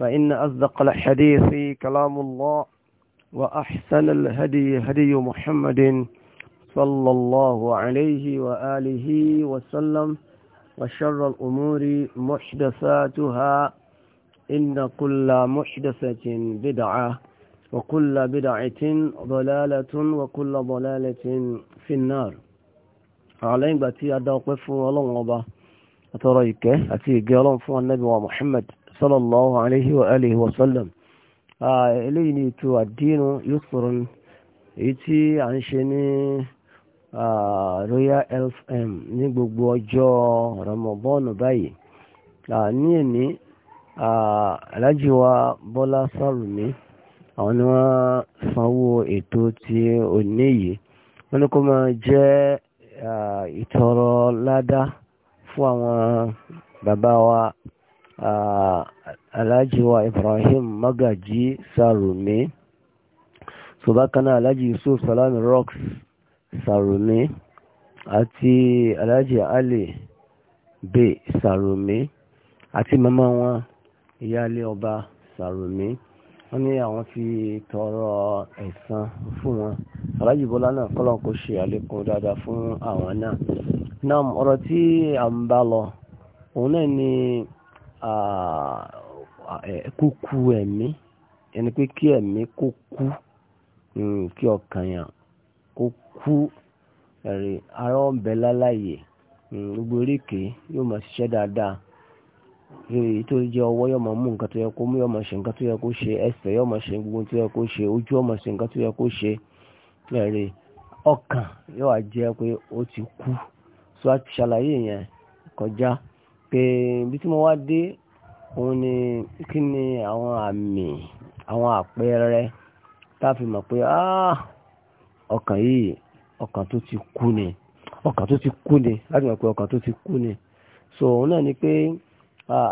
فإن أصدق الحديث كلام الله وأحسن الهدي هدي محمد صلى الله عليه وآله وسلم وشر الأمور محدثاتها إن كل محدثة بدعة وكل بدعة ضلالة وكل ضلالة في النار عليك بأتي أدوقف الله أتريك أتي قيلون فو النبي ومحمد sallallahu alayhi wa alihi wa sallam eléyìí ni ètò àdínú yusrun èyí tí à ń ṣe ní royal FM ní gbogbo ọjọ́ ramọ̀bọ́ọ̀nù báyìí ní èní alhaji wa bọ́lá sálùmí àwọn ni wọ́n sanwó ètò tí òní yìí wọ́n ní kó máa jẹ́ ìtọrọ ládá fún àwọn bàbá wa Ah, alhaji wa ibrahim magaji sarumi so bákan alhaji yusuf salami rocks sarumi àti alhaji ali bè sarumi àti mama wọn ìyáálé ọba sàrùmí wọ́n ní àwọn fi tọrọ ẹ̀san fún wọn alájì bọ́lá náà kọ́lọ̀ kó ṣe àlékún dáadáa fún àwọn náà náà ọ̀rọ̀ tí a ń bá lọ òun náà ni kúkú ẹ̀mí ẹni pé kí ẹ̀mí kó kú hmm, kí ọkàn yàn kó kú ẹ̀rì ara ọ̀bẹ láláyè hmm, gbogbo oríkèé yóò máa ṣiṣẹ́ dáadáa èyí tó jẹ́ ọwọ́ yóò máa mú nǹkan tó yẹ kó mú yóò máa ṣe nǹkan tó yẹ kó ṣe ẹsẹ̀ yóò máa ṣe gbogbo tó yẹ kó ṣe ojú yóò máa ṣe nǹkan tó yẹ kó ṣe ẹ̀rì ọkàn yóò wá jẹ́ pé ó ti kú so a ṣàlàyé yẹn kọjá pé ibi tí mo wá dé òun ni kí ni àwọn àmì àwọn àpẹẹrẹ tá a fi mọ̀ pé ah, ọkàn yìí ọkàn tó ti kú ni ọkàn tó ti kú ni láti mọ̀ pé ọkàn tó ti kú ni so òun náà ni pé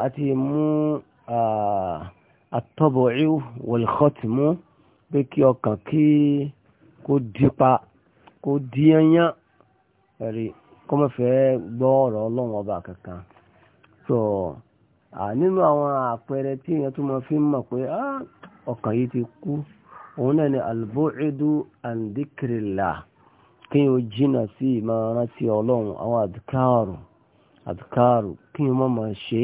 a ti mú àtọ́bọ̀rí wọ̀lẹ̀kọ́tì mú pé kí ọkàn kí kó dípa kó díyányán ẹ̀rí kọ́mọ̀fẹ́ gbọ́ ọ̀rọ̀ ọlọ́run ọba kankan so nínú àwọn àpẹẹrẹ tí èèyàn tó máa fi ń mọ̀ pé ọkàn yìí ti kú òun náà ni albu'idu an dhikrillah kí o jìnà sí ìmọ̀ràn sí ọlọ́run àwọn àdìkáàrù kí o mọ̀ máa ṣe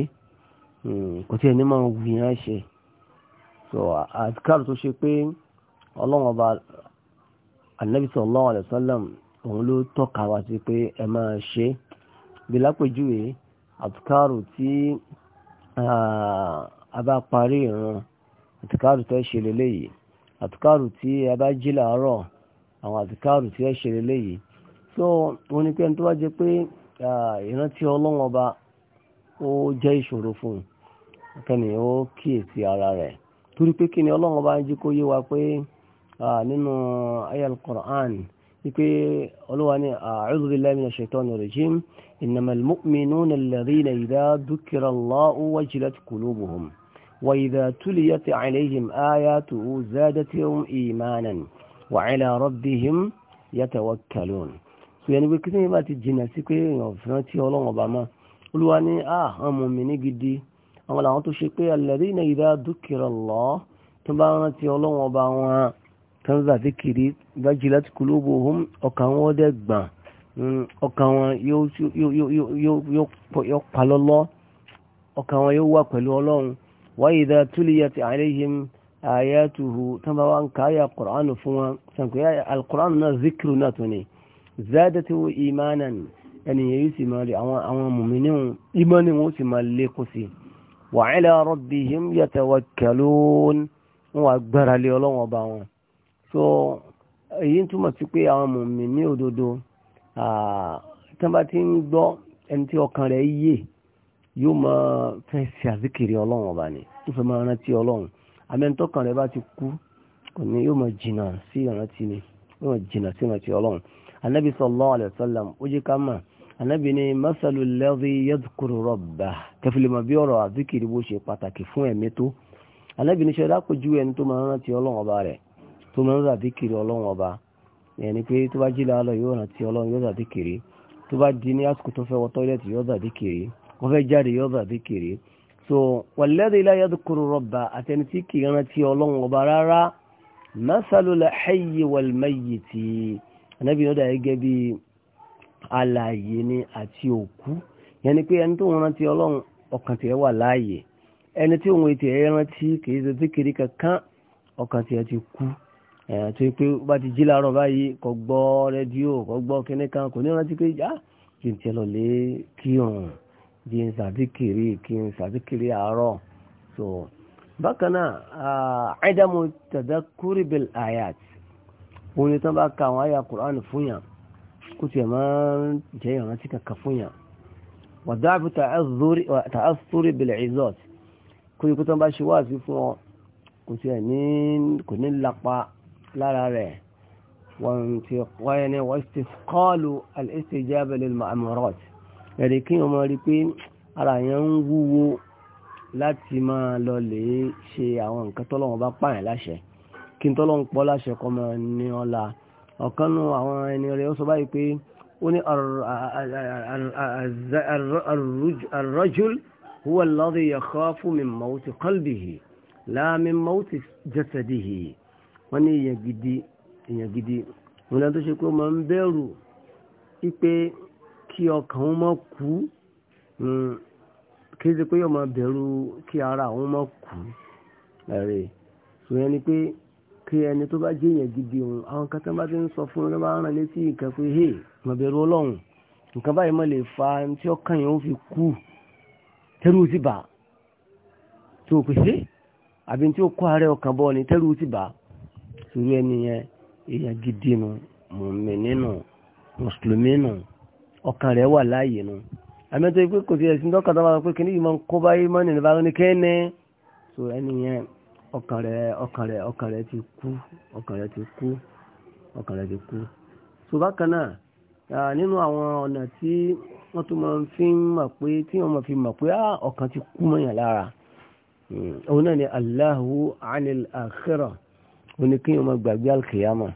hmm, kò tí ẹni máa wù yẹn ṣe so àdìkáàrù tó ṣe pé ọlọ́run ọba anabi sallallahu alaihi wasallam òun ló tọ́ka wá sí pé ẹ máa ṣe bí lápèjúwe àtìkárù tí a bá parí ìran àtìkárù tó ṣe lélẹ́yìí àtìkárù tí a bá jí làárọ̀ àwọn àtìkárù tí ó ṣe lélẹ́yìí so wọn ni pé ẹni tó bá jẹ pé ìrántí ọlọ́wọ́n ọba ó jẹ́ ìṣòro fún un kẹ́ni ó kíyèsí ara rẹ̀ torí pé kí ni ọlọ́wọ́n ọba ń jí kó yé wa pé nínú ayal Qur'an wípé olúwa ni a'udhu billahi minash shaitani rajim. إنما المؤمنون الذين إذا ذكر الله وجلت قلوبهم وإذا تليت عليهم آياته زادتهم إيمانا وعلى ربهم يتوكلون yẹni pé kíni bá ti jìnnà sí pé èèyàn fẹ́ràn tí ọlọ́run ọba mọ́ olúwa ní àwọn mùmínì gidi àwọn làwọn tó ṣe pé alladhina idha dhukira Allah tó bá rántí ọlọ́run ọba wọn kanzà zikiri bá jillat qulubuhum ọkàn wọn dẹ̀ gbọ̀n Mm, ọkàn wọn yóò palọ́lọ́ ọkàn wọn yóò wà pẹ̀lú ọlọ́run wa idha tuliyat alayhim ayatuhu tán bá wá ń káyà kùránù fún wọn sànkúyà alkùránù náà zikiru náà tó ní zadatu imanan ẹniyàn yóò sì máa rí àwọn mùmínì ìmánì wọn sì máa lékún sí wa ala rabbihim yatawakkalun wọn wà gbára lé ọlọ́run ọba wọn so èyí túmọ̀ sí pé àwọn mùmínì òdodo tí wọ́n bá ti ń gbọ́ ẹni tí ọkàn rẹ̀ yé yóò máa fẹ́ ṣe àzíkiri ọlọ́run ọba ni tó fẹ́ máa rántí ọlọ́run àmẹ́ntọ́kàn rẹ̀ bá ti kú kò ní yóò máa jìnnà sí ìrántí ni yóò máa jìnnà sí ìrántí ọlọ́run anabi sallallahu alayhi wa sallam ó jẹ́ ká mà anabi ni masalu lẹ́dí yẹ́dùkúrú rọ̀bà kẹfìlìmọ̀ bí ọ̀rọ̀ àzíkiri bó ṣe pàtàkì fún ẹ̀mí tó anabi ni ṣe ìyẹn ni pé tó bá jí láàárọ̀ yóò rántí ọlọ́run yóò zàdí kiri tó bá di ní àsìkò tó fẹ́ wọ tọ́ílẹ̀tì yóò zàdí kiri wọ́n fẹ́ jáde yóò zàdí kiri so wàlẹ́dẹ̀ ilé ayé kúrò rọ̀bà àtẹni tí kì í rántí ọlọ́run ọba rárá masalula hayyi wal mayyiti anabi náà dàgẹ́ gẹ́gẹ́ bí alààyè ni àti òkú ìyẹn ni pé ẹni tó ń rántí ọlọ́run ọkàn tiẹ̀ wà láàyè ẹni tí òun ètò ẹ̀ rántí kì í ṣe zikiri kankan ọkàn tiẹ̀ ti kú tó yẹ pé bá ti jí láàárọ̀ báyìí kò gbọ́ rédíò kò gbọ́ kíní kan kò ní rántí pé já ah, kí n tiẹ̀ lọ lé kírun jí n sàdíkiri kí n sàdíkiri àárọ̀ so bákan náà àìdààmú tadhakkuri bil ayat òun ni tán bá ka àwọn àyà Qur'an fún yàn kó tiẹ̀ máa ń jẹ́ ìrántí kankan fún yàn wàdáàbù tààsúrí bìlẹ̀ ìzọ́t kó ikú tán bá ṣe wá sí fún ọ kò tiẹ̀ ní kò ní lápá lára rẹ̀ wọ́n ti kọ́ ẹni wọ́n ti kọ́ọ̀lù al-istijaba lil ma'murat ẹ̀rí kí wọ́n rí pé ara yẹn ń wúwo láti máa lọ lè ṣe àwọn nǹkan tọ́lọ́wọ́n bá pààyàn láṣẹ kí n tọ́lọ́wọ́n pọ́ láṣẹ kọ́ mọ́ ní ọ̀la ọ̀kan àwọn ẹni rẹ̀ ó sọ báyìí pé ó ní ar-rajul huwa alladhi yakhafu min mawti qalbihi la min mawti jasadihi wọ́n ní èèyàn gidi èèyàn gidi òun náà tó ṣe pé ó máa ń bẹ̀rù wípé kí ọkàn òun má kú hmm, kí ṣe pé yóò máa bẹ̀rù kí ara òun má kú ẹ̀rẹ̀ ìyẹn ni pé kí ẹni tó bá jẹ́ èèyàn gidi òun àwọn kan tó bá ti ń sọ fún un ló bá ń rán létí nǹkan pé hey má bẹ̀rù ọlọ́run nǹkan báyìí má lè fa tí ọkàn yẹn ó fi kú tẹ́rù sí bá tó pèsè àbí tí ó kó ara ọkàn bọ́ ni tẹ́rù sí bá sùúrù ẹni yẹn èèyàn gidi nù mùmìnì nù mùsùlùmí nù ọkàn rẹ̀ wà láàyè nù àmẹ́tọ́ pé kò sí ẹ̀sìn dọ́kàtà máa pé kíní ìmọ̀ kó bá yí mọ́nì nípa ní kẹ́ni so ẹni yẹn ọkàn rẹ̀ ọkàn rẹ̀ ọkàn rẹ̀ ti kú ọkàn rẹ̀ ti kú ọkàn rẹ̀ ti kú so bákan náà nínú àwọn ọ̀nà tí wọ́n tún máa fi ń mọ̀ pé tí wọ́n máa fi mọ̀ pé ah, ọkàn ti kú mọ́yàn lára hmm, òun náà ni Allahu anil akhirah ó ní kí wọ́n máa gbàgbé alkiyama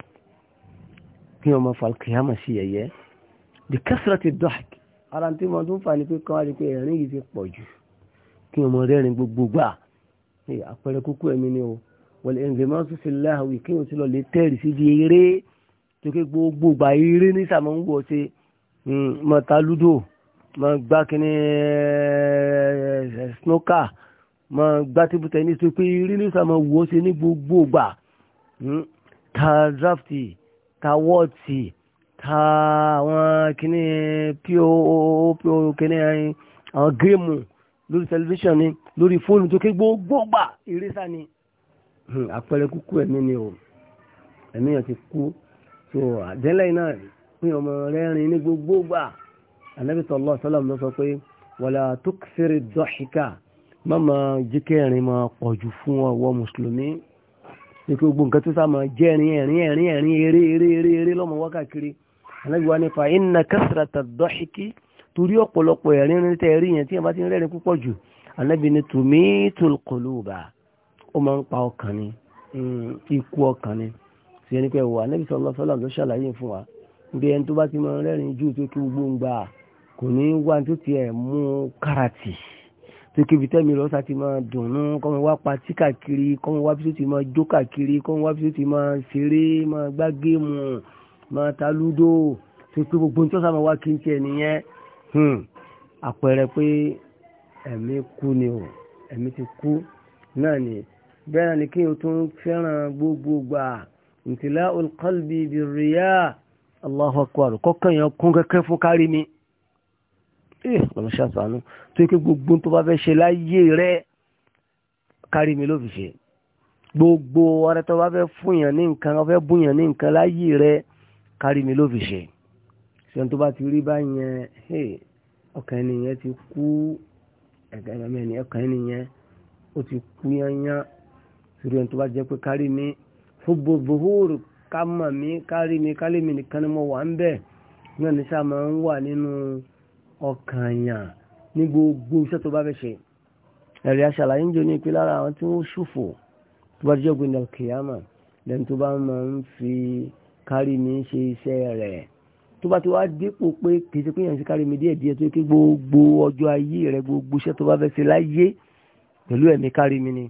kí wọ́n máa fa alkiyama sí ẹ̀yẹ́ di kẹsìrẹ́tì dọ́ọ̀kì ara tí wọ́n tún fà ní pé kán wá di pé ẹ̀rín yìí ti pọ̀ jù kí wọ́n máa rẹ́rìn gbogbo gbà àpẹẹrẹ kúkú ẹ̀mí ni o wọlé ẹnzẹmọ tó fi láhùn ìkéyìn tó lọ lè tẹrí síbi eré tó gbogbo gba eré ní sàmọ ń wọ ṣe mọ ta ludo mọ gbá kíní snooker mọ gbá table tennis tó pé eré ní sàmọ wọ ṣe ní gbogbo gbà ta hmm? drafti ta wọ́ọ̀tì ta àwọn kíní pọ́pọ́ kíní àwọn géèmù lórí tẹlifíṣàn ni lórí fóònù tó ké gbogbogbà ìrísà ni hmm, àpẹẹrẹ kúkú ẹ̀mí ni o ẹ̀mí yẹn ti kú so àdẹ́lẹ̀ náà pín ọmọ rẹ̀ rìn ní gbogbogbà Ànábì sallallahu alaihi wasallam ló sọ pé wàlá tukthiri dọ́ṣíkà má máa jíkẹ́rin máa pọ̀jù fún ọwọ́ mùsùlùmí ètò gbogbo nǹkan tó sáà máa jẹ́ ẹ̀rín ẹ̀rín ẹ̀rín ẹ̀rín eré eré eré eré lọ́mọ wákàkiri alágbèwá nípa iná kásìràtà dọ́ṣíkì torí ọ̀pọ̀lọpọ̀ ẹ̀rín ẹ̀rín tẹ́ rí yẹn tí yẹn bá ti ń rẹ́rìn púpọ̀ jù anábì ni tùmí tòlùkọlùbà ó máa ń pa ọkàn ni mm, ikú ọkàn ni sì ẹni pé wò anábì sallallahu alaihi wasallam ló ṣàlàyé fún wa bí ẹni tó bá ti máa rẹ́rìn jù tó kí gbogbo ń gbà kò ní wá tó tiẹ̀ mú káràtì ṣe kébi tẹ́mi lọ́sà ti máa dùnnú kọ́mọ wá patí káàkiri kọ́mọ wá bí tó ti máa jó káàkiri kọ́mọ wá ma tó ti ma taludo. máa gbá géèmù máa ta lúdò ṣe pé gbogbo ní tọ́sà máa wá kí n tiẹ̀ nìyẹn hmm. àpẹẹrẹ pé ẹ̀mí kú ni o ẹ̀mí ti kú náà ni bẹ́ẹ̀ náà ni kí o tún fẹ́ràn gbogbogbà ntìlá olùkọ́lùbí bìrìyà Allahu akbar kọ́kàn yẹn kún kẹ́kẹ́ fún kárí mi ee eh, ọ̀nà ṣàṣàánú tó yẹ kí gbogbo tó bá fẹ́ ṣe láyé rẹ kárí mi ló fi ṣe gbogbo ọrẹ tó bá fẹ́ fún yàn ní nǹkan ó fẹ́ bùn yàn ní nǹkan láyé rẹ kárí mi ló fi ṣe ṣe tó bá ti rí báyẹn ọkàn ènìyàn ti kú ọkàn ènìyàn ó ti kú yányán sórí ẹni tó bá jẹ́ pé kárí mi fún bòbòhóòrò ká mọ̀ mí kárí mi kárí mi nìkan ni mo wà ń bẹ̀ náà ní sáà máa ń wà nínú ọkàn yàn ní gbogbo iṣẹ́ tó bá fẹ́ ṣe ẹ̀rí aṣàlàyé ń jẹ́ ní ìpínlẹ̀ ara àwọn tí wọ́n ṣòfò tó bá jẹ́ gbẹ̀ndà kìyàmà lẹ́nu tó bá máa ń fi kárí mi ṣe iṣẹ́ rẹ̀ tó bá ti wá dípò pé kì í ṣe pé yàn sí kárí mi díẹ̀ díẹ̀ tó yẹ kí gbogbo ọjọ́ ayé rẹ̀ gbogbo iṣẹ́ tó bá fẹ́ ṣe láyé pẹ̀lú ẹ̀mí kárí mi ni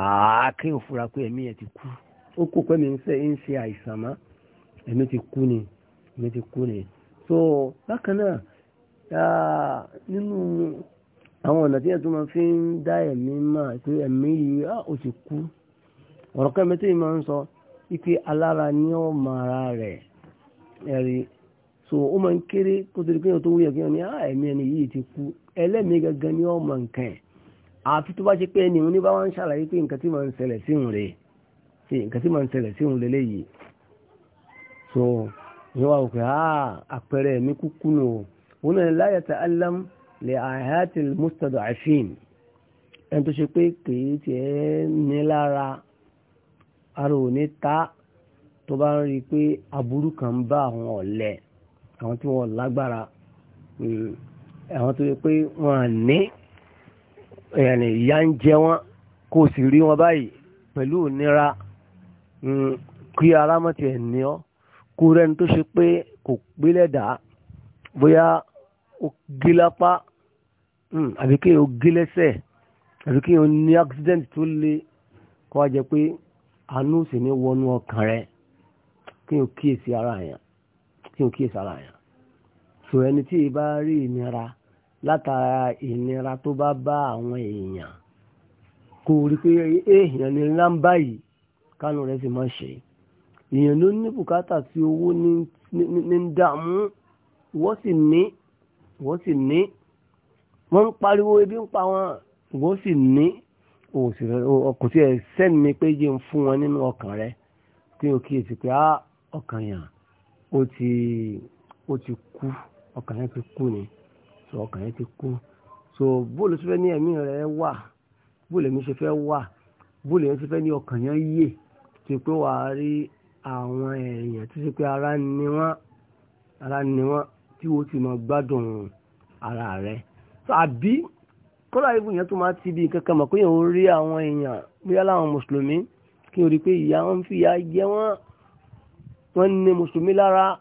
àáké òfura pé ẹ̀mí ẹ̀ ti kú ó kò pé mi ń ṣe àìsàn mọ́ ẹ̀mí ti kú ni ẹ̀mí ti kú ni so bákan náà nínú àwọn ọ̀nà tí ẹ̀tún máa fi ń dá ẹ̀mí máa pé ẹ̀mí yìí ah, ó ti kú ọ̀rọ̀ kan mẹ́tẹ́ yìí máa ń sọ wípé alára ní ọmọ ara rẹ̀ ẹ̀rí so ó máa ń kéré kó tó di pé tó wúyẹ̀ kí wọ́n ní ah, ẹ̀mí ẹni yìí ti kú ẹlẹ́mìí gangan ní ọmọ nǹkan ẹ̀ àfi tó bá ṣe pé ẹni òní bá wá ń ṣàlàyé pé nǹkan tí máa ń ṣẹlẹ̀ sí òun rèé ṣe nǹkan tí máa ń ṣẹlẹ̀ sí òun lélẹ́yìí so ìyẹn wà wò pé ah, àpẹẹrẹ ẹ̀mí kúkú nù o òun náà la yata'allam li ayatil mustad'afin ẹni tó ṣe pé kìí tiẹ̀ ní lára ara ò ní ta tó bá ń rí i pé aburú kan ń bá àwọn ọ̀lẹ àwọn tí wọ́n lágbára àwọn tó yẹ pé wọ́n à ní ẹ̀yàní ìyá ń jẹ wọ́n kó o sì rí wọn báyìí pẹ̀lú òníra kí ara mọ́ tiẹ̀ ní ọ́ kó rẹ́ni tó ṣe pé kò pélé dàá bóyá ó gé lápá hmm, àbí kí ó gé lẹ́sẹ̀ àbí kí ó ní accident tó le kó wá jẹ pé àánú sì ní wọnú ọkàn rẹ kí ó kíyèsí ara yẹn kí ó kíyèsí ara yẹn so ẹni tí ì bá rí ìnira látara ìnira tó bá bá àwọn èèyàn kò rí pé èèyàn ní ńlá ń kánú rẹ sì máa ṣe èèyàn ló ní bùkátà sí owó ní ń dààmú ìwọ sì ní ìwọ sì ní wọ́n ń pariwo ebi ń pa wọn ìwọ sì ní kò sí ẹ̀ sẹ́ni mi pé yé ń fún wọn nínú ọkàn rẹ kí o kíyèsí pé á ah, ọkàn yàn ó ti ó ti kú ọkàn yẹn ti kú ni so ọkàn yẹn ti kú so bóòlù tó fẹ́ ní ẹ̀mí rẹ wà bóòlù ẹ̀mí ṣe fẹ́ wà bóòlù yẹn ṣe fẹ́ ní ọkàn yẹn yè tó pé wàá rí àwọn èèyàn tó ṣe pé ara ni wọ́n ara ni wọ́n tí o ti máa gbádùn ara rẹ̀ àbí kọ́lá ibù yẹn tó máa ti bí kankan mọ̀ pé òun rí àwọn èèyàn bóyá láwọn mùsùlùmí kí o rí pé ìyá wọn fi ìyá jẹ wọn wọn ní mùsùlùmí lára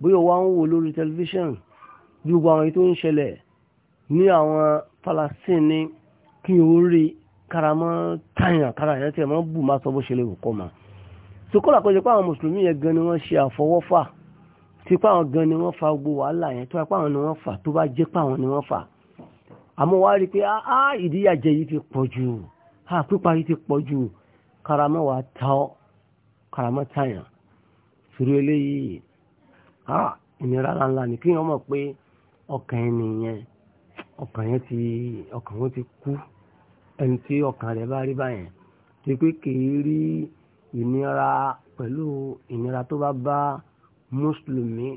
bóyá wọn ń wò lórí tẹlifíṣàn bí gbogbo àwọn èyí tó ń ṣẹlẹ̀ ní àwọn Palestine ní kí o rí karamọ́ tàyàn kára yẹn tẹ̀ mọ́ bù má sọ bó ṣe lè wò kọ́ ma so kọ́lá kọjá pé àwọn mùsùlùmí yẹn gan ni wọ́n ṣe àfọwọ́fà tí páwọn gan ni wọ́n fa gbogbo wàhálà yẹn tó wá páwọn ni wọ́n fà tó bá jẹ́ páwọn ni wọ́n fà àmọ́ wá rí pé áá ìdíyàjẹ yìí ti pọ̀ jù á pípa yìí ti pọ̀ jù karamọ́ wa ta ọ́ karamọ́ tàyàn sùúrù eléyìí á ìnira ńláńlá ni kí wọ́n mọ̀ pé ọkàn yẹn nìyẹn ọkàn yẹn ti ọkàn wọn ti kú ẹni tí ọkàn rẹ̀ bá rí báyẹn ti pé kì í rí ìnira pẹ̀lú ìnira tó bá bá mùsùlùmí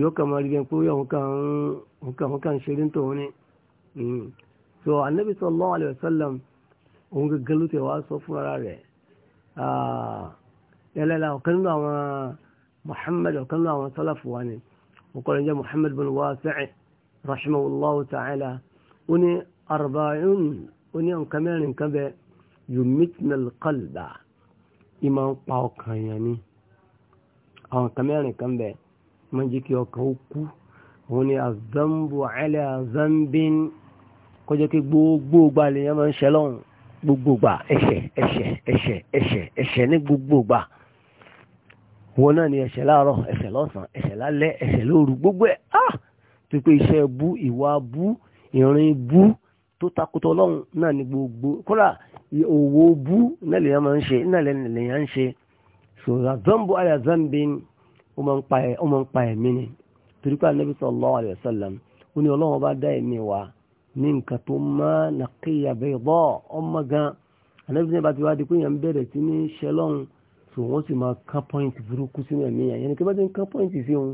yóò kà máa rí bẹ́ẹ̀ pé òun kà ń ṣeré ń tòun ni hmm. so anabi sallallahu alayhi wa sallam òun gẹ́gẹ́ ló ti wá sọ fún ara rẹ̀ yálẹ́lá ah, ọ̀kan nínú àwọn muhammad ọ̀kan nínú àwọn sálàfù wa ni ọkọ̀rọ̀ jẹ́ muhammad bin wasi'i rahimahullahu ta'ala ó ní arba'un ó ní nǹkan mẹ́rin kan bẹ́ẹ̀ yumitnal qalba ìmọ̀ ń pa ọkàn yẹn ni àwọn kan mẹ́rin kan bẹ̀ máa ń jẹ́ kí ọkàn ó kú òun ni azambu alẹ́ azambin kọjá kí gbogbo gbà lè yẹn máa ń ṣe lọ́hùn ẹ̀ṣẹ̀ ẹ̀ṣẹ̀ ní gbogbo wọn náà ni ẹ̀ṣẹ̀ láàárọ̀ ẹ̀ṣẹ̀ lọ́sàn ẹ̀ṣẹ̀ lálẹ́ ẹ̀ṣẹ̀ lóru gbogbo ẹ̀ ah tó pé iṣẹ́ bú ìwà bú ìrìn bú tó takùtọ̀ ọlọ́run náà ni gbogbo kódà òwò bú náà lè yẹn máa ń ṣe náà lè yẹn ń ṣe so zambu ala zambin ó máa ń pa ẹ̀mí ni torí pé anabi sallallahu alayhi wa sallam ó ní ọlọ́wọ́n bá dá ẹ̀mí wa ní nǹkan tó má nàkíyà bayda ọmọ gan anabi ní bàtí wàá di pé yẹn bẹ̀rẹ̀ sí ní ṣẹlọ́hún so wọ́n sì máa kán pọ́ìntì burúkú sínú ẹ̀mí yẹn yẹn ni kí wọ́n ti ń kán pọ́ìntì sí òun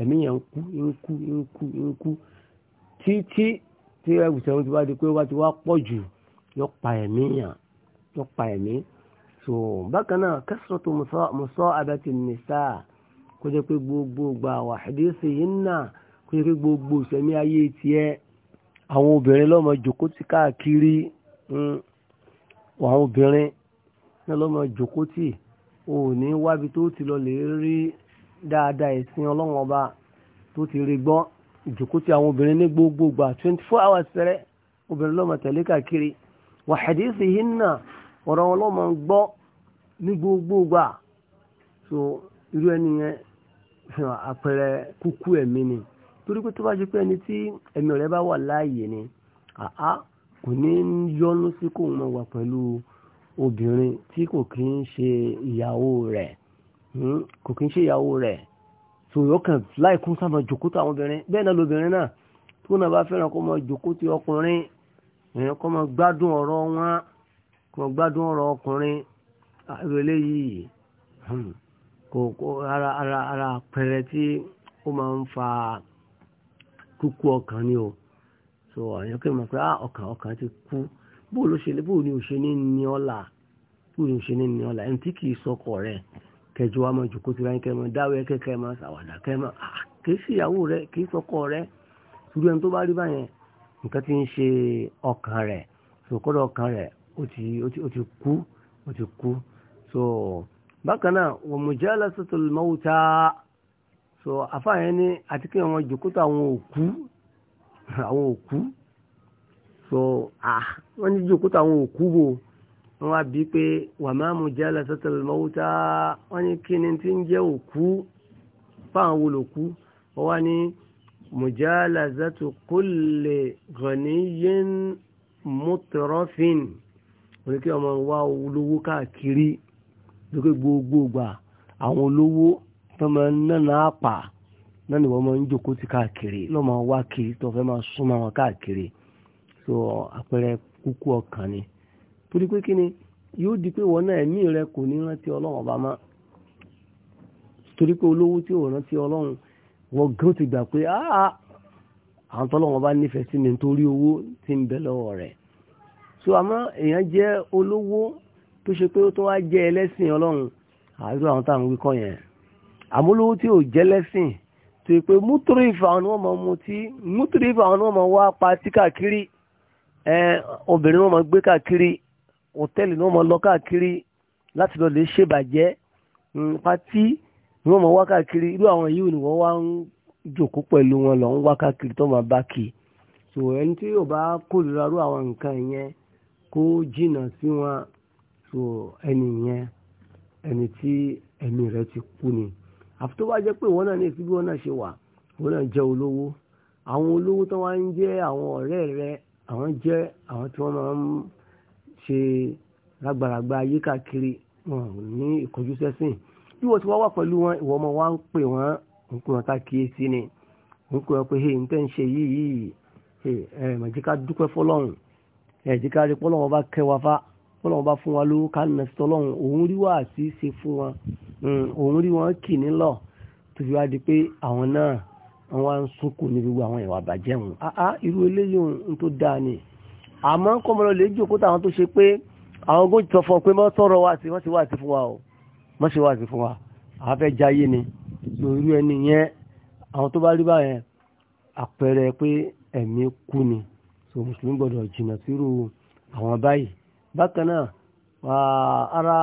ẹ̀mí yẹn ń kú ń kú ń kú ń títí tí ẹ̀wùsẹ̀ wọn ti wá di pé wọ́n ti wá pọ̀ jù yọ pa ẹ̀mí yẹn yọ pa ẹ̀mí so bákan náà kẹsìrọ̀tò mùsọ́ abẹ́tì nìsá kó jẹ́ pé gbogbo gba àwọn àdéhùsì yìí nà kó jẹ́ pé gbogbo ìsẹ̀mí ayé tiẹ̀ àwọn obìnrin lọ́mọ jòkó ti káàkiri hmm. àwọn obìnrin náà lọ́mọ jòkó tì ò ní wábi tó ti lọ lè rí dáadáa ìsìn ọlọ́run ọba tó ti rí gbọ́ ìjòkó tí àwọn ọ̀rọ̀ wọn lọ́mọ ń gbọ́ ní gbogbo gbà so irú ẹni yẹn àpẹẹrẹ kúkú ẹ̀mí ni torí pé tó bá jẹ́ pé ẹni tí ẹ̀mí rẹ̀ bá wà láàyè ni àá kò ní yọnu sí kó wọn wà pẹ̀lú obìnrin tí kò kí ń ṣe ìyàwó rẹ̀ hmm, kò kí ń ṣe ìyàwó rẹ̀ so yọkàn láìkún sábà jòkótó àwọn obìnrin bẹ́ẹ̀ náà lobìnrin náà tó náà bá fẹ́ràn kó mọ jòkótó ọkùnrin èèyàn kó mọ gbádùn ọ̀rọ̀ wọn kò gbádùn ọ̀rọ̀ ọkùnrin àìrèlé yìí hmm. kò kò ara ara ara pẹrẹ tí ó máa ń fa kúkú ọkàn ni o so àyàn kí n mọ̀ pé ah, ọkàn ọkàn ti kú bó ló ṣe bó ni òṣè ní ní ọ̀la bó ni òṣè ní ní ọ̀la ẹni tí kìí sọkọ rẹ kẹjọ wa máa jòkó tura yín kẹmọ dáwọ ẹ kẹkẹ máa ṣàwàdà kẹmọ ah, kìí ṣe ìyàwó rẹ kìí sọkọ rẹ ṣùgbọ́n ẹni tó bá rí báyẹn nǹkan ti ń ṣe ọkàn rẹ sòkòdọ̀ ọkàn rẹ ó ti ó ti kú ó ti kú so bákan náà wọ́n mujalasatul mauta so àfààyàn ní àti kí wọ́n jòkótó àwọn òkú àwọn òkú so ah wọ́n ní jòkótó àwọn òkú bò wọ́n wá bí pé wà máa mujalasatul mauta wọ́n ní kí ni ti ń jẹ́ òkú fáwọn olùkú wọ́n wá ní mujalazatu kulli ghaniyin mutrafin. wọ́n ní kí ọmọ wa olówó káàkiri lókè gbogbogbà àwọn olówó tó máa nánà àpà náà ni wọ́n máa ń ti káàkiri lọ́ kiri tó fẹ́ máa súnmọ́ wọn káàkiri so àpẹẹrẹ kúkú ọkàn ni torí pé kí ni yóò di pé wọn náà ẹ̀mí rẹ kò ní rántí ọlọ́run ọba mọ́ torí pé olówó tí ò rántí ọlọ́run wọ́n ti gbà pé àwọn tọ́lọ́run ọba nífẹ̀ẹ́ sí nítorí owó ń so àmọ́ èèyàn jẹ́ olówó tó ṣe pé ó tó wá jẹ́ ẹlẹ́sìn ọlọ́run àìrú àwọn táwọn wí kọ́ yẹn àmúlówó tí ò jẹ́ lẹ́sìn tó yẹ pé mútúrìfà àwọn wọn máa mutí mútúrìfà àwọn wọn máa wá patí káàkiri ẹ obìnrin wọn máa gbé káàkiri hòtẹ́ẹ̀lì ni wọ́n máa lọ káàkiri láti lọ lè ṣèbàjẹ́ hmm, patí ni wọ́n máa wá káàkiri irú àwọn yìí ni wọ́n wá ń jòkó pẹ̀lú wọn lọ ń wá káàkiri tó máa bá kì so ẹni tí yóò bá kórìíra irú àwọn nǹkan yẹn kó jìnnà sí wọn so ẹni yẹn ẹni tí ẹ̀mí rẹ̀ ti kú ni àfi tó bá jẹ́ pé ìwọ náà ní ìsibí wọn náà ṣe wà ìwọ náà jẹ́ olówó àwọn olówó tó wá ń jẹ́ àwọn ọ̀rẹ́ rẹ̀ àwọn jẹ́ àwọn tí wọ́n máa ń ṣe lágbàràgbà ayé káàkiri wọn ní ìkọjú sẹ́sìn bí wọ́n ti wá wà pẹ̀lú wọn ìwọ ọmọ wa ń pè wọ́n ń pè wọ́n káàkiri ni ń pè wọ́n pé hey n tẹ́ ń ṣe yìí yìí ẹ̀ màjíká dúpẹ́ fọlọ́run ẹ̀jíká rí pọ́lọ́wọ́n bá kẹwàá fá pọ́lọ́wọ́n bá fún wa lówó ká nà sí tọ́lọ́run òun rí wà sí ṣe fún wọn hmm, òun rí wọn kì nílọ̀ tó fi wá di pé àwọn náà wọn wá ń sunkún ní gbogbo àwọn ìwà bàjẹ́ wọn àá irú eléyìí ohun tó dáa ni àmọ́ kọ́mọlọ lè jòkó táwọn tó ṣe pé àwọn ogójì sọ fún pé wọ́n wá sí wọ́n sì wá sí fún wa o wọ́n sì wá sí fún wa àwọn fẹ́ jayé ni irú ẹni yẹn àwọn tó bá rí báyẹn àpẹẹrẹ pé ẹ̀mí kú ni so mùsùlùmí gbọ́dọ̀ jìnnà sírú àwọn báyìí bákan náà ara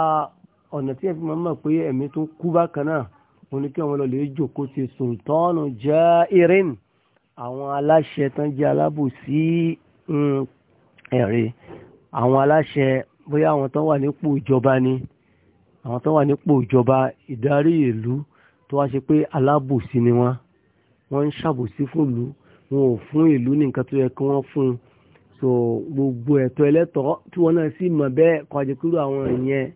ọ̀nà tí ẹ fi máa ń mọ̀ pé ẹ̀mí tó kú bákan náà wọn ni kí wọn lọ lè jòkó ti sultanu jairin àwọn aláṣẹ tán jẹ́ alábòsí hmm, ẹ̀rí àwọn aláṣẹ bóyá àwọn tó wà nípò ìjọba ni àwọn tó wà nípò ìjọba ìdarí ìlú tó wá ṣe pé alábòsí ni wọn wọn ń ṣàbòsí fún ìlú wọn ò fún ìlú ní tó yẹ kí wọ́n fún so gbogbo ẹ̀tọ́ ẹlẹ́tọ̀ọ́ tí wọ́n náà sì mọ̀ bẹ́ẹ̀ kọjú àwọn ìyẹn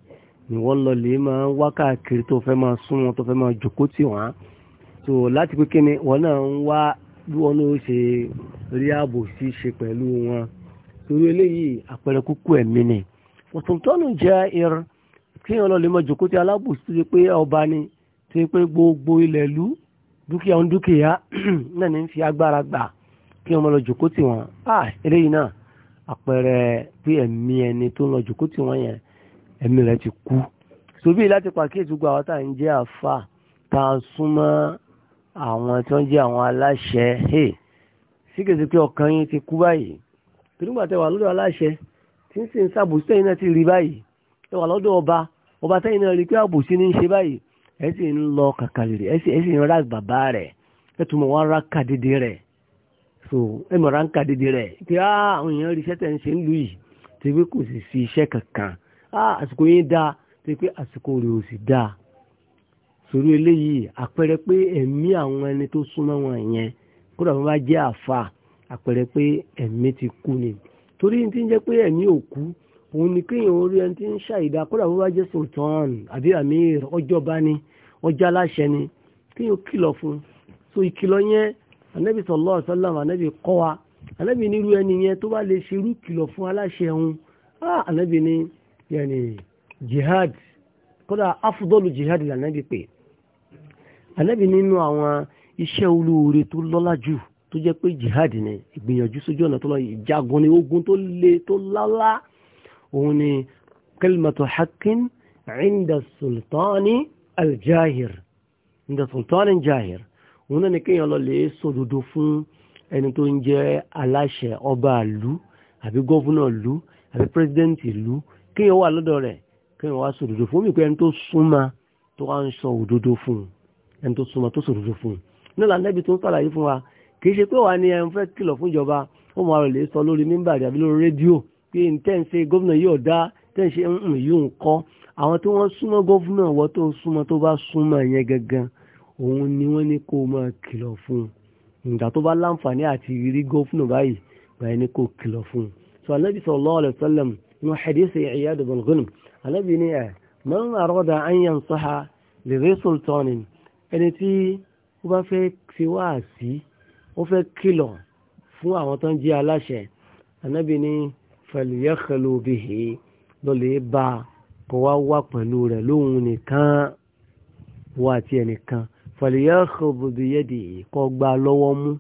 ni wọ́n lọ lè máa ń wá káàkiri tó fẹ́ máa sún wọn tó fẹ́ máa jòkó tì wọ́n so láti pé kíni wọ́n náà ń wá bí wọ́n ló ṣe rí ààbò sí ṣe pẹ̀lú wọn torí eléyìí àpẹẹrẹ kúkú ẹ̀mí ni ọ̀tọ̀tọ̀nù jẹ́ ir kí wọ́n lọ lè máa jòkó tì alábòsí tó pé ọba ni tó pé gbogbo ilẹ̀ lú dúkìá ń dúkìá náà ní fi agbára gbà kí wọ́n lọ jòkó tì wọ́n ah eléyìí náà àpẹẹrẹ pé ẹ̀mí ẹni tó lọ jòkó tì wọ́n yẹn ẹ̀mí rẹ̀ ti kú sobi láti pàkíyèsí gbogbo àwọn tá à ń jẹ́ àfa tá a súnmọ́ àwọn tí wọ́n jẹ́ àwọn aláṣẹ síkèsí pé ọkàn yín ti kú báyìí tìrúgbà tẹ wà lọ́dọ̀ aláṣẹ tí ń sìn sábòsí tẹ̀yìn náà ti rí báyìí tẹ wà lọ́dọ̀ ọba ọba tẹ̀yìn náà rí pé àbòsí ní í ṣe báyìí ẹ sì ń lọ kàkàlì rẹ̀ ẹ sì ń ra bàbá rẹ̀ ẹ tún mọ̀ wá ra kàdédé so ẹ mọ̀ ra ń kàdédé rẹ̀ kí á àwọn èèyàn rí iṣẹ́ tẹ̀ ń ṣe ń lù yìí tí pé kò sì sí iṣẹ́ kankan á àsìkò yín dáa tí pé àsìkò rẹ̀ ò sì dáa sórí eléyìí àpẹẹrẹ pé ẹ̀mí àwọn ẹni tó súnmọ́ wọn yẹn kódà wọn bá jẹ́ àfa àpẹẹrẹ pé ẹ̀mí ti kú ni torí ti ń jẹ́ pé ẹ̀mí ò kú òun ni kéèyàn orí ẹni tí ń ṣàìdá kódà wọn bá jẹ́ sultan àbí amir ọjọ́ bá ní wọ́n já láṣẹ ni kí yóò kìlọ̀ fún un so ìkìlọ̀ yẹn anabi sallallahu alaihi wasallam anabi kọ́ wa anabi ní irú ẹni yẹn tó bá lè ṣe irú kìlọ̀ fún aláṣẹ òun ah anabi ní yẹni jihad kódà afudọ́lù jihad lànàbí pé anabi nínú àwọn iṣẹ́ olóore tó lọ́lá jù tó jẹ́ pé jihad ni ìgbìyànjú sójú ọ̀nà tó lọ ìjagun ni ogun tó le tó lálá òun ni kalimatu haqqin inda sultani aljahir nígbà sultanin jahir òun náà ni kéèyàn lọ lè sòdodo fún ẹni tó ń jẹ́ aláṣẹ ọba ìlú àbí gọ́fúnà ìlú àbí pírẹsidẹ́ǹtì ìlú kéèyàn wà lọ́dọ̀ rẹ̀ kéèyàn wá sòdodo fún mi pé ẹni tó súnmọ́ tó wá ń sọ òdodo fún ẹni tó súnmọ́ tó sòdodo fún ní ìlànà ibi tó ń sàlàyé fún wa kì í ṣe pé wà ní ẹni fẹ́ kìlọ̀ fún ìjọba ó máa rẹ̀ lè sọ lórí mímbàdí àbí lórí rédíò pé ntẹ́ǹsẹ̀ gómìnà yóò dá tẹ́ǹsẹ̀ ń yóò ń kọ́ àwọn tí wọ́n súnmọ́ gọ́fúnà wọ́n tó súnmọ́ tó bá súnmọ́ yẹn gangan òun ni wọ́n ní kó máa kìlọ̀ fún un ìgbà tó bá láǹfààní àti rí gọ́fúnà báyìí báyìí ní kó kìlọ̀ fún un. sọ anábì sallallahu alaihi wasallam inú hadith Iyad bin Ghanm anábì ní ẹ̀ eh, man arada an yansaha li dhi sultanin ẹni tí ó bá fẹ́ ṣe wáàsí ó fẹ́ kìlọ̀ fún àwọn tó ń jẹ́ aláṣẹ anábì ní fal yakhlu kó wá wà pẹ̀lú rẹ̀ lóhun nìkan wà tí ẹnìkan fọlẹ́yà ọ̀bùdíyẹ́dì kọ́ gba lọ́wọ́ mú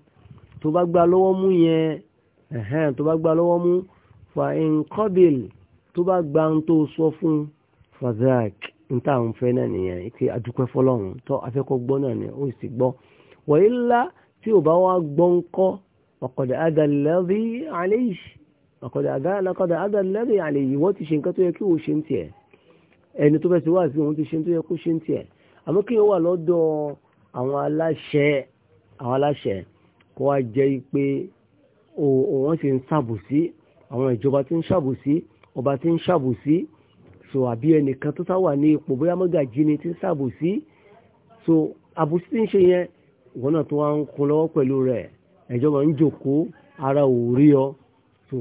tó bá gba lọ́wọ́ mú yẹn ẹ̀hẹ́n tó bá gba lọ́wọ́ mú fa nkọ́bìl tó bá gba ń tó sọ fún fazak ń tà fẹ́ náà nìyẹn ike adúpẹ́ fọlọ́run tó afẹ́kọ́ gbọ́ náà ni ó sì gbọ́ wọ́n ilá tí ò bá wá gbọ́ ń kọ́ ọ̀kọ̀dà adàlẹ́bí àlẹ́ yìí ọ̀kọ̀dà adàlẹ́bí àlẹ́ yìí wọ́n ti ṣe nǹkan tó yẹ kí wọ́n ṣe ń tiẹ̀ ẹni tó bẹ́ẹ̀ ti wá sí òun ti ṣe tó yẹ kó ṣe ń tiẹ̀ àmọ́ kí wọ́n wà lọ́dọ̀ àwọn aláṣẹ àwọn aláṣẹ kó wá jẹ́ pé òun sì ń ṣàbòsí àwọn ìjọba tí ń ṣàbòsí ọba tí ń ṣàbòsí so àbí ẹnìkan tó sáwà ní ipò bóyá mọ́gàjí ni tí ń ṣàbòsí so àbòsí tí ń ṣe yẹn ìwọ́n náà tó wá ń kun lọ́wọ́ pẹ̀lú rẹ̀ ẹ̀jọba ń jòkó ara ò rí ọ so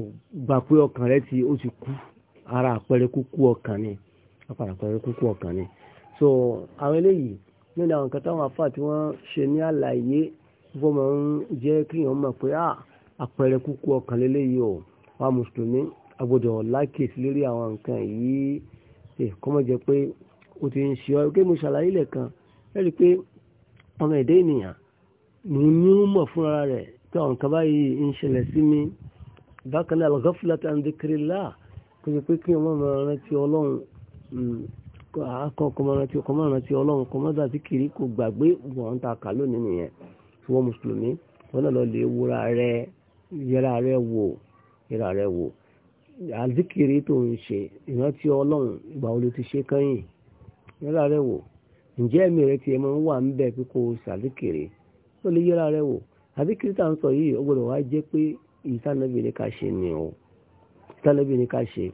gbà pé ọkàn rẹ ti ó ti kú ara àpẹẹrẹ kúkú ọkàn ni apàràpọ̀ kúkú ọ̀kan ni so àwọn eléyìí nínú àwọn nǹkan táwọn afá tí wọ́n ṣe ní àlàyé wọ́n máa ń jẹ́ kí èèyàn mọ̀ pé ah, àpẹẹrẹ kúkú ọ̀kan lélẹ́yìí o wa mùsùlùmí agbọ́dọ̀ lákèsí lórí àwọn nǹkan yìí ṣe kọ́mọ̀ jẹ́ pé o ti ń ṣe ọ́ pé mo ṣàlàyé lẹ́ẹ̀kan lẹ́rìí pé ọmọ ẹ̀dá ènìyàn mo ní mọ̀ fúnra rẹ̀ tí àwọn nǹkan báyìí ń ṣẹlẹ̀ sí mi bákan náà al-ghaflata an dhikrillah kò pé kí wọ́n máa rántí ọlọ́run akọ mm. kọmọrántí kọmọrántí ọlọ́run kọmọdà tí kiri kò gbàgbé wọn ta kà lónìí nìyẹn wọn mùsùlùmí wọn náà lọ lè wúra rẹ yẹra rẹ wò yẹra rẹ wò àzíkiri tó ń ṣe ìrántí ọlọ́run ìgbà wo ló ti ṣe kẹ́yìn yẹra rẹ wò ǹjẹ́ ẹ̀mí rẹ tiẹ̀ máa ń wà ń bẹ̀ pé kò sàzíkiri ó lè yẹra rẹ wò àzíkiri tá à ń sọ yìí ó gbọdọ̀ wá jẹ́ pé ìtànàbì ni ká ṣe ni ó ìtànàbì ni ká ṣe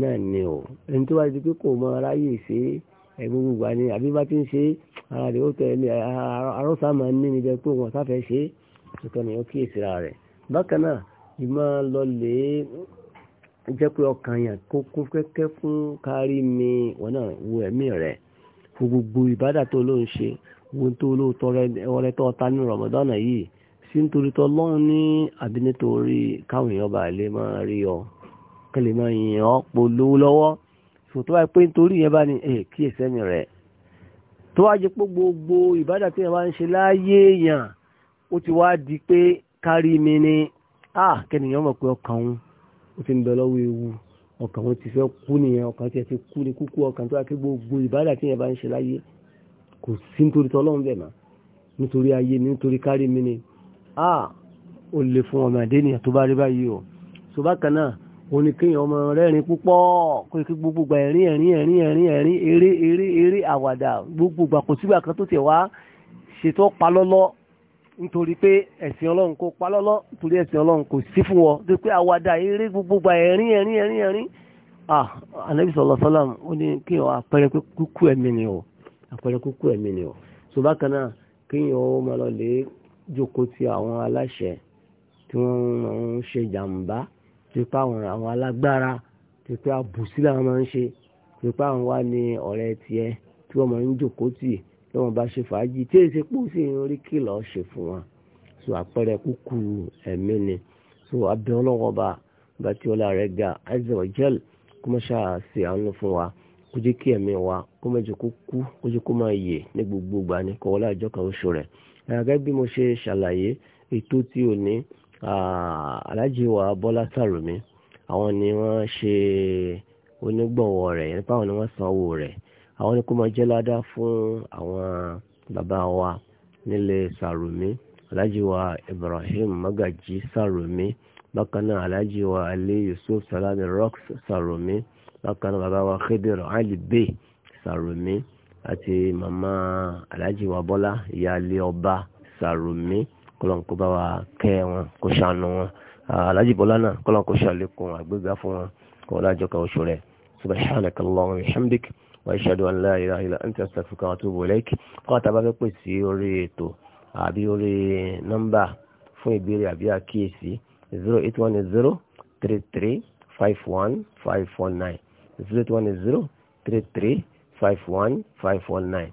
náà ni o ẹni tó wá di pé kò mọ aráyè ṣe gbogbo ìgbà ni àbí bá ti ń ṣe ara rẹ̀ ó tẹ̀ ẹ́ arọ́sà máa ń ní níbẹ̀ pé wọ́n sáfẹ́ ṣe tuntun ni ó kíyèsí ra rẹ̀ bákan náà ìmọ̀ lọ lè jẹ́ pé ọkàn yẹn kó kún kẹ́kẹ́ fún kárí mi wọn náà wo ẹ̀mí rẹ̀ fún gbogbo ìbádà tó ló ń ṣe wo tó ló tọrẹ ọrẹ tó ta ní rọmọdọ́nà yìí sí nítorí tọ́lọ́run ní àbí nítorí káwọn èèyàn bá máa rí ọ kí lè mọ ìyàn ọ́ polówó lọ́wọ́ ṣòtò wáyé pé nítorí yẹn bá ní ẹ̀ kí ẹ̀sẹ̀mì rẹ̀ tó wá jẹ́ pé gbogbo ìbádà tí yẹn bá ń ṣe láyé èèyàn ó ti wá di pé kárí mi ni ah kẹ́nìyàn mọ̀ pé ọkàn òun ó ti ń bẹ lọ́wọ́ ewu ọkàn òun ti fẹ́ kú nìyẹn ọkàn tí ẹ ti kú ni kúkú ọkàn tó wá pé gbogbo ìbádà tí yẹn bá ń ṣe láyé kò sí nítorí tọ́lọ́run bẹ̀ mọ́ nítorí ayé ni nítorí kárí mi ni ah ó lè fún ọmọ àdénìyàn tó bá rí báyìí o ṣùgbọ́n kan náà òun ni kéèyàn ọmọ rẹ́rìn púpọ̀ kó ike gbogbo gba ẹ̀rín ẹ̀rín ẹ̀rín ẹ̀rín ẹ̀rín eré eré eré àwàdà gbogbo gbà kò sígbà kan tó tẹ̀ wá ṣètò palọ́lọ́ nítorí pé ẹ̀sìn ọlọ́run kò palọ́lọ́ torí ẹ̀sìn ọlọ́run kò sí fún wọn tó pé àwàdà eré gbogbo gba ẹ̀rín ẹ̀rín ẹ̀rín ẹ̀rín ah anabi sọlọ sọlọm ó ní kéèyàn àpẹẹrẹ kúkú ẹ̀mí ni o àpẹẹrẹ kúkú ẹ̀mí ni o so bákan náà kéèyàn ó máa tí wọ́n ń ṣe jàǹbá tí pé àwọn alágbára tí pé àbùsí làwọn máa ń ṣe tí pé àwọn wá ní ọ̀rẹ́ tiẹ̀ tí wọ́n máa ń jòkó tì tí wọ́n bá ṣe fàájì tí èsì pò sí orí kìlọ̀ ṣe fún wọn so àpẹẹrẹ kúkú ẹ̀mí ni so abẹ́ ọlọ́wọ́ bá bá tí ọlá rẹ̀ ga azza wa jal kó mọ́ ṣáà ṣe àánú fún wa kó jẹ́ kí ẹ̀mí wa kó mọ́ jẹ́ kó kú kó jẹ́ kó máa yè ní gbogbo ìgbà ní kọ́wọ́lá ìjọ oṣù rẹ̀ gẹ́gẹ́ bí mo ṣe ṣàlàyé ètò tí ò ní Ah, aláàjì wa bọ́lá sàrùmí àwọn ni wọ́n ṣe onígbọ̀wọ́ rẹ̀ yẹn fáwọn ni wọ́n san owó rẹ̀ àwọn ni kó máa jẹ́ ládá fún àwọn bàbá wa nílé sàrùmí aláàjì ibrahim magaji sàrùmí bákan náà aláàjì wa ali yusuf salami Rox sàrùmí bákan náà bàbá wa khidir ali bey sàrùmí àti màmá aláàjì wa bọ́lá ìyáálé ọba sàrùmí kọ́lọ́n kó bá wa kẹ́ wọn kó ṣàánú wọn alájì bọ́lá náà kọ́lọ́n kó ṣàlékún àgbéga fún wọn kó lájọ kan oṣù rẹ̀ subhanaka allahumma wa hamdik wa ashhadu an la ilaha illa anta astaghfiruka wa atubu ilaik kọ́ àtàbá fẹ́ pè sí orí ètò àbí orí nọ́mbà fún ìbéèrè àbí àkíyèsí zero eight one zero three three five one five four nine zero eight one zero three three five one five four nine.